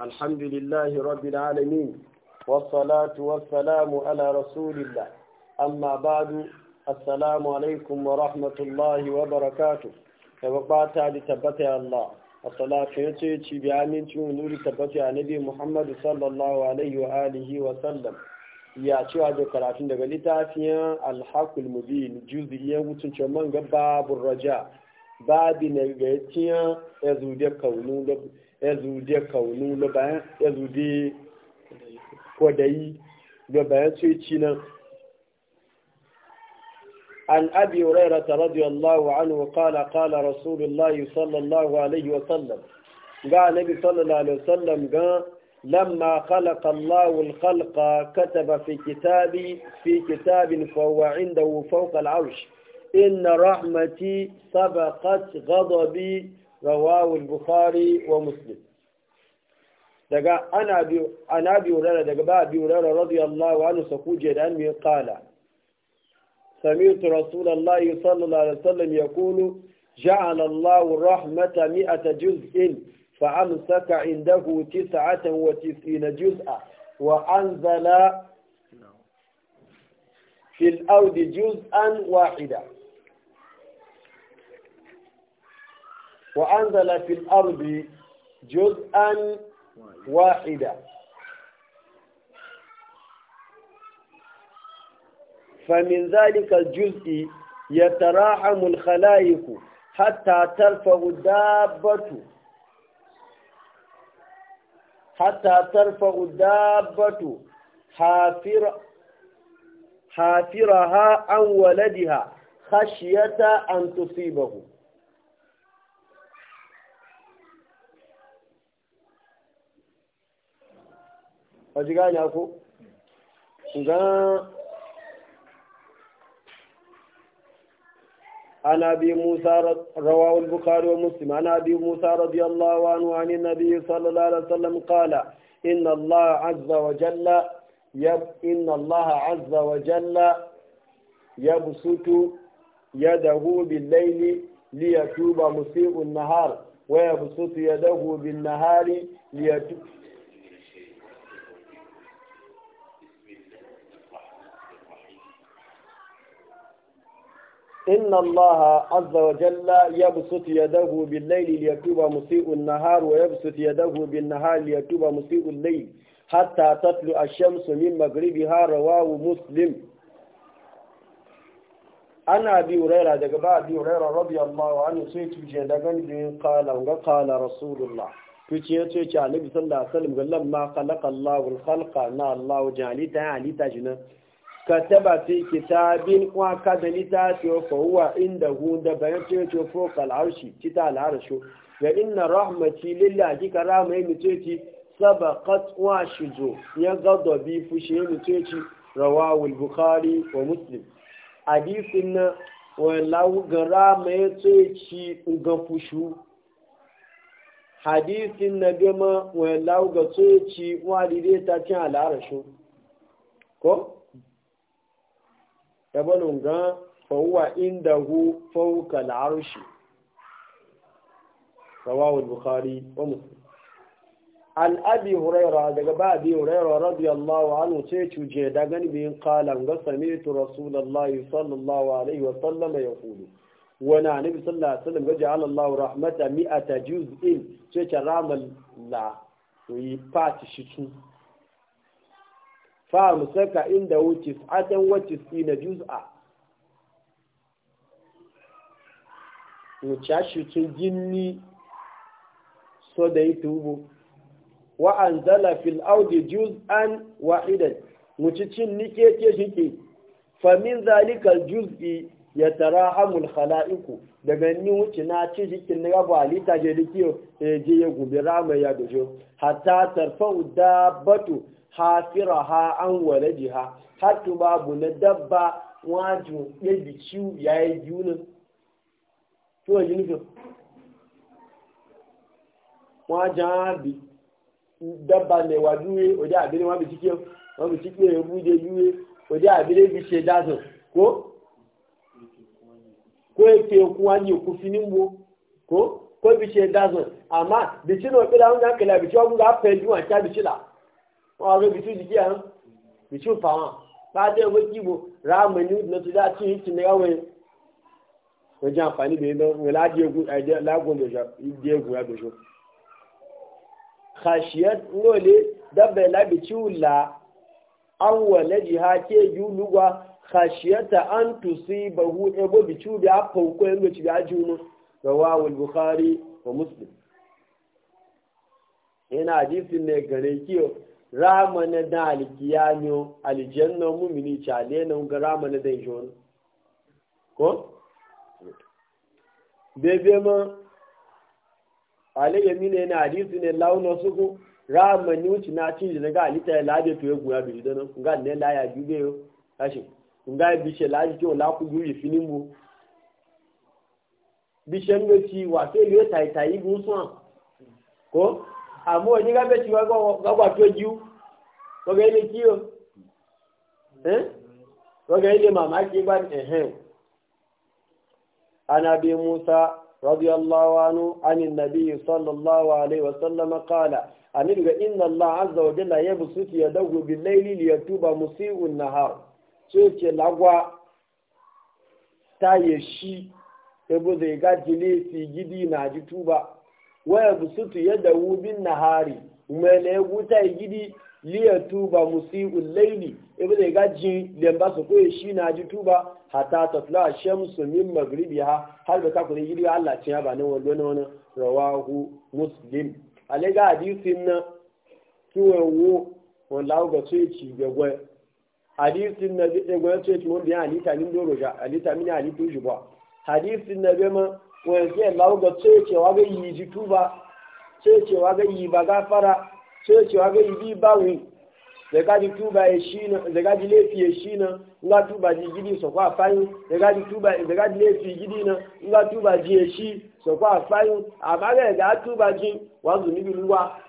الحمد لله رب العالمين والصلاة والسلام على رسول الله أما بعد السلام عليكم ورحمة الله وبركاته وقعت لتبتع الله الصلاة يتيتي بعامين تنور تبتع نبي محمد صلى الله عليه وآله وسلم ya cewa da karatun daga littafin alhakul mubin juziyen mutuncin man gaba raja babi na ga tiya ya zude kaunu da ya zude kaunu da bayan ya zude kodayi da bayan sai ci nan عن أبي هريرة رضي الله عنه قال قال رسول الله صلى الله عليه وسلم قال النبي صلى الله عليه وسلم قال لما خلق الله الخلق كتب في كتاب في كتاب فهو عنده فوق العرش إن رحمتي سبقت غضبي رواه البخاري ومسلم دقا أنا بي أنا بيورالا دقا بقى بيورالا رضي الله عنه سكوجة الآن من قال سمعت رسول الله صلى الله عليه وسلم يقول جعل الله الرحمة مئة جزء فأمسك عنده تسعة وتسعين جزءا وأنزل fil audi juz'an wahida wa anzala fil ardi juz'an wahida فمن ذلك الجزء يتراحم الخلائق حتى ترفع الدابة حتى ترفع الدابة حافرة hafiraha an waladiha khashiyata an tusibahu waji gane ku عن أبي موسى رواه البخاري ومسلم عن أبي موسى رضي الله عنه عن النبي صلى الله عليه وسلم قال إن الله عز وجل يب إن الله عز وجل يبسط يده بالليل ليتوب مسيء النهار ويبسط يده بالنهار ليتوب إن الله عز وجل يبسط يده بالليل ليتوب مسيء النهار ويبسط يده بالنهار ليتوب مسيء الليل hatta tatlu ash-shamsu min maghribiha rawahu muslim ana bi huraira daga ba bi huraira radiyallahu anhu sai tuje daga ne qala ga qala rasulullah tuce ya ce ce annabi sallallahu alaihi wasallam gallan ma khalaqa Allahu al-khalqa na Allahu jali ta ali ta jina kataba fi kitabin wa kadali ta ce fa huwa inda hu da bayan ce ce fo kal arshi kita al arshu ya inna rahmati lillahi karama yi mutuci sabaqat wa shizo ya gado bi fushi ya muteci rawawul bukhari wa muslim hadisin na wallahu gara mai ci ga fushu hadisin na bema wallahu ga tsoci walide ta cin al'arashu ko? yabanin ga fawwa inda hu fawka al'arushi rawawul bukari wa muslim an abi huraira daga ba abi huraira radiyallahu anhu ce cuje da gani bayin qalan ga sami'tu rasulullahi sallallahu alaihi wa sallam ya kudu na nabi sallallahu alaihi wasallam gaja Allahu rahmata mi'ata juz'in ce ce ramal la yi fati shitu fa musaka inda wuce atan wuce na juz'a mu cha shitu jinni so da yi tubu wa anzala fil juz an wahidan mucicin nike ke shike fa min zalika juz'i yatarahamul khala'iku daga ni wuce na ci jikin na gaba alita je dike eh, je ya gubi rama ya dojo hatta tarfau dabbatu hafiraha an waladiha hatta babu na dabba waju ya ya yi junin to yi dabba mai wa juye wajen abin wa bi cike wa bi cike ya buje juye wajen abin bi ce dazo ko ko ya ke kuwa ne ku finin bo ko ko bi ce dazo amma bi ci no kila wanda kila bi ci wa ga fa juwa ta bi ci la wa ga bi ci jike an bi ci fa wa ba da wa kibo ramani na su da ci ci ne gawe wajen amfani da yadda lagun da shi khashiyar nole dabba labi ciwula an wale jiha ke yi lugwa khashiyata an tusi bahu ebo bi ciwu da afauko yin e da cibi ajiyunu rawawul bukhari wa muslim yana hadisin ne gare kiyo ramana da alkiyamiyo aljanna mumini chale nan ga ramana da jona ko bebe ma ale yami ne na hadisi ne launa suku rama ni wuce na cin daga alita ya labe to ya goya bi dana nga ne la ya jube yo tashi nga bi she la ji la ku ju finin mu bi she ngo ci wa se le tai tai bu so ko amu ni ga be ci wa go ga ba to ju ko ga ile ki yo eh ko ga ile mama ki ba eh eh ana musa رضي الله عنه عن النبي صلى الله عليه وسلم قال أنه إن الله عز وجل يبسط يده بالليل ليتوب مسيء النهار سيك لغوا تايشي يبو زي غاجلي في جدي ناجي ويبسط يده بالنهار ومن يغوتا يجدي liya tuba musi'ul laili ibi da ga ji lamba su koyi shi na ji tuba hatta tatla shamsu min magribiha har da takuri gidi Allah ce ya ba nan wallo nan rawahu muslim ale ga hadisin na kiwo wo wallahu ga sai ci ga gwe hadisin na ga gwe sai ci mun biya alita nin doro ga alita min alitu ji ba hadisin na ga ma wa sai Allah ga sai ce wa ga yi ji tuba sai ce wa ga yi ba gafara sai cewa ga ibi bawi daga ji tuba ya shi na daga ji laifi ya nga tuba ji gidi so kwa fayin daga ji tuba daga ji laifi gidi na nga tuba ji ya so kwa fayin amma ga ga tuba ji wazu ni bilwa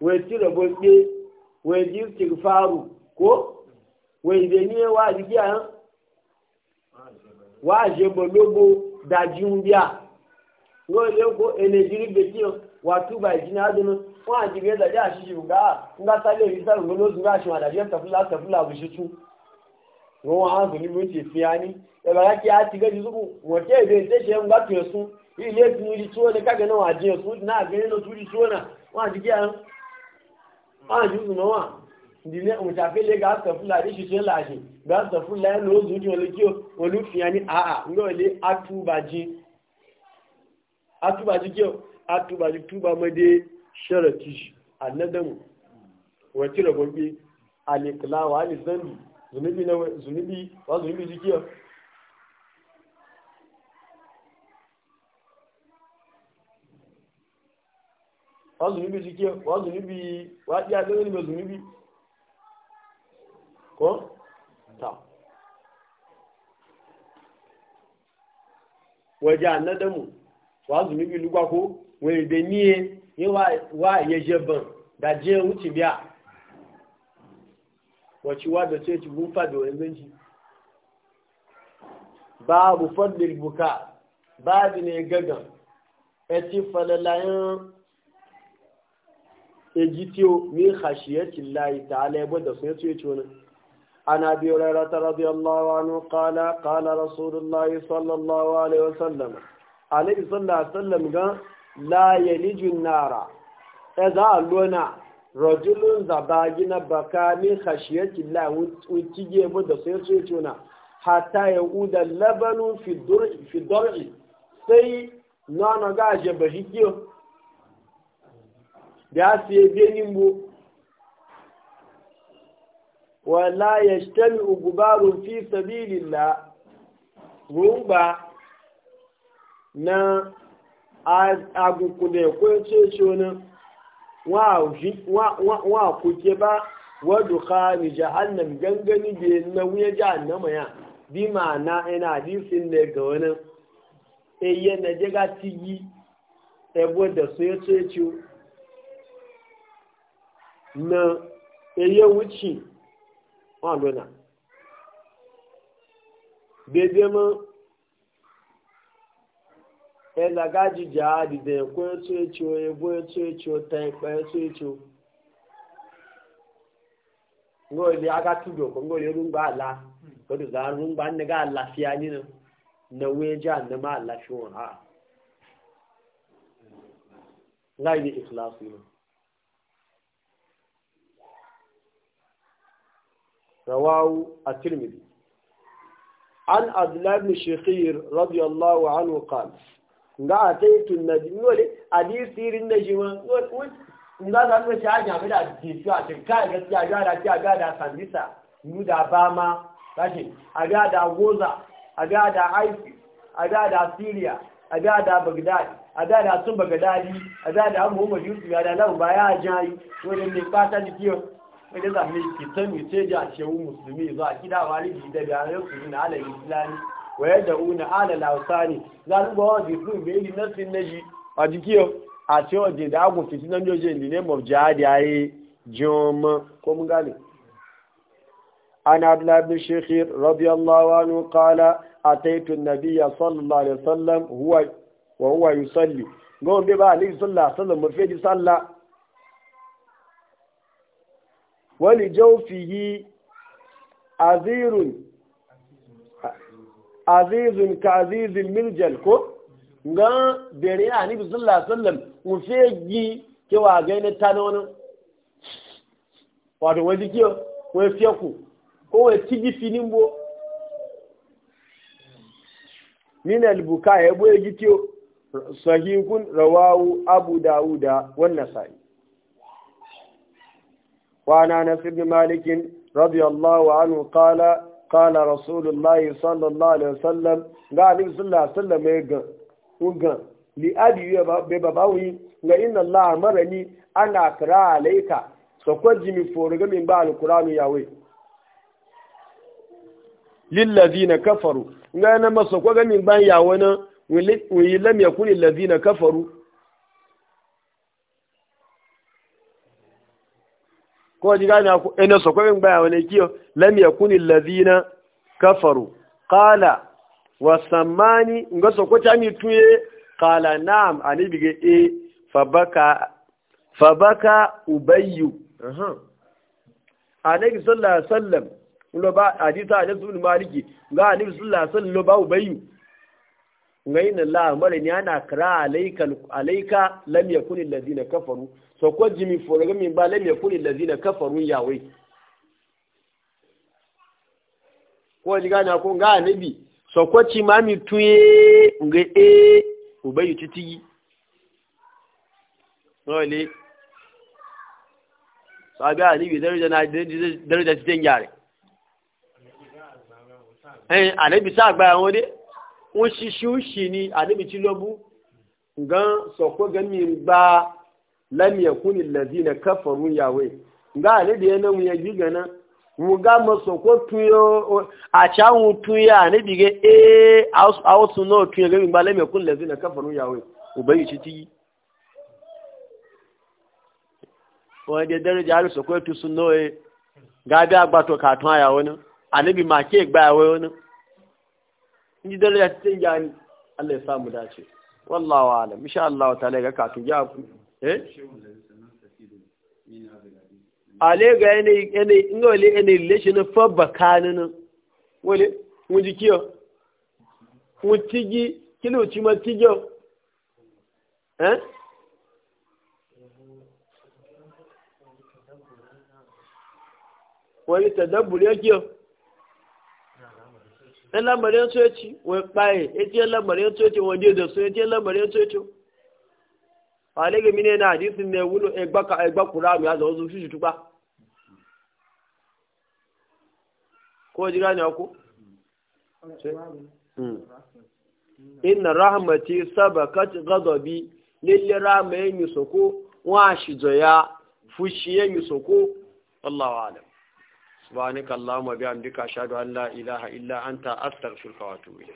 we ti da bobe we ji istighfaru ko we de ni wa ji ya wa je bo lobo da ji un ngo le ko energy be ti watu ba jina adunu wa jibe da ja shi shuga nga sale yi sar ngolo zunga shi wala je tafula tafula bu shitu no wa an zuni mu ti fiani e ba ki a ti ga ji zuku wote be te she nga ti su ile ti ni tuwo ne kaga na wa je su na ga ne no turi tuwo na wa ji ga wa ji su no wa ndi ne mu ta fe le ga tafula ri shi she la shi ga tafula no zu ji wala ki o lu fiani a a ngo le atubaji atubaji ki o a tuba ji tuba ma dai sharati shi annadamu wace rabon bi alikla wa alizambi zunubi na zunubi wa zunubi jikiya wa zunubi jikiya wa zunubi wa ɗiya ɗaya ne mai zunubi ko ta waje annadamu wa zunubi lugwa ko wani da niye yi wa ya da je wuce biya wacce wa da ce ci gufa da wani e zanci babu fadlil buka babu ne gagan ya e ci falalayen ejitiyo min khashiyati llahi ta'ala yabo e da sun yace wani عن أبي هريرة رضي الله عنه قال قال رسول الله صلى الله عليه وسلم عليه قال la yalijun nara e za a lona rajulun zabagi na baka min khashiyati la wuci gebo da sai sai tuna hatta ya uda labanu fi dur'i sai nana ga je bahikiyo da sai benin mu wala ya shtami ugubarun fi sabilillah rumba na agùnkùn dẹ̀ kó tí ó ṣe ní wọ́n àkókè bá wọ́dù ká gangani da na wuya jahannama ya bí ma'ana ina hadisin da ga wani eye na ti yi da so ya na eye wuce ela gaji jihadi da ekwe etu echo ebu etu echo ta ikpe etu echo ngoli aga tudo ko ngoli rumba ala ko do za rumba ne ga ala fi ani no na weja na ma ala fi won ha lai ni ikhlas ni rawahu at-tirmidhi an adlab shikir radiyallahu anhu qala nga ataitu najim wale hadisirin wani nga za su ci hanya bida jesu a cikin kayan gaskiya ga da ki ga da sandisa nu da bama kashi a ga da goza a ga da aiki a ga da syria a ga da bagdad a ga da sun bagdadi a ga da muhammad yusuf ya da nan ba ya jayi wani ne fata ni kiyo wajen zafi ki san ce ja ce musulmi zuwa wani walidi da bayan su na alal islami waya da una ala lausani zan go on the proof be ni nothing neji ajikiyo ati oje da agun fiti na mi oje in the name of jihad aye jomo ko mun gane azizun ka azizun miljal ko nga bere ani bi sallallahu alaihi wasallam mu feji ke wa ga ne tanono wato wadi ke ko ku ko wa tigi bo min al-buka ya gi gitiyo sahihun rawahu abu dauda wannan sai wa ana nasib malikin radiyallahu anhu qala qala rasulullahi sallallahu alaihi wasallam ga annabi sallallahu alaihi wasallam ya ga ugan li abi be babawi ga inna ana akra alayka so ko jimi foro ba alqur'anu yawe lil ladina na maso ko ga min ban yawe na wili lam yakun lil ladina kafaru ko ji gane ku ina eh, so ko min baya wani kiyo lam yakun alladhina kafaru qala wa samani nga so ko tani tuye qala na'am ani bige e eh, fabaka fabaka ubayyu aha alayhi sallallahu alaihi wasallam lo ba hadisa da sun maliki Nga annabi sallallahu alaihi wasallam lo ba ubayyu ngayin Allah mare ni ana kra alayka alayka lam yakun alladhina kafaru sokwa jimi foraga min ba lam yakun allazina kafaru yawe ko ji gane ko ga nabi sokwa ci mami tuye e ubayu titigi wale sabi bi daraja na daraja ti yare eh anabi sa gba won de won shishu shi ni anabi ti lobu ngan gan mi gba lam yakuni allazina kafaru yawe nga ne da yana mu yaji gana mu ga maso ko tuyo a chawu tuya ne dige eh a wasu no tuya ga ba lam yakuni allazina kafaru yawe ubayi ci ti wa de daraja alu so ko e tu sunno e ga bi agba ka ton ayawo na anabi ma ke e gba ayawo na ni daraja tin jani Allah ya samu dace wallahu a'lam insha Allah ta'ala ga ka tu ya Eh? ale ga yana yana wale yana relation na fabba kanana wale mun kiyo mun kilo ci ma tigiyo eh wani tadabbur ya kiyo ɗan e lamarin soyaci wani ɓaye ya ce e lamarin soyaci wani da soyaci e lamarin soyaci alege mine na hadisi ne wulo egba ka egba kura mi azo zo shi tupa ko jira ne ku hmm. inna rahmati sabakat ghadabi lil rahmai mi soko wa shi joya fushiye mi soko wallahu alam subhanaka allahumma bihamdika ashhadu an la ilaha illa anta astaghfiruka wa atubu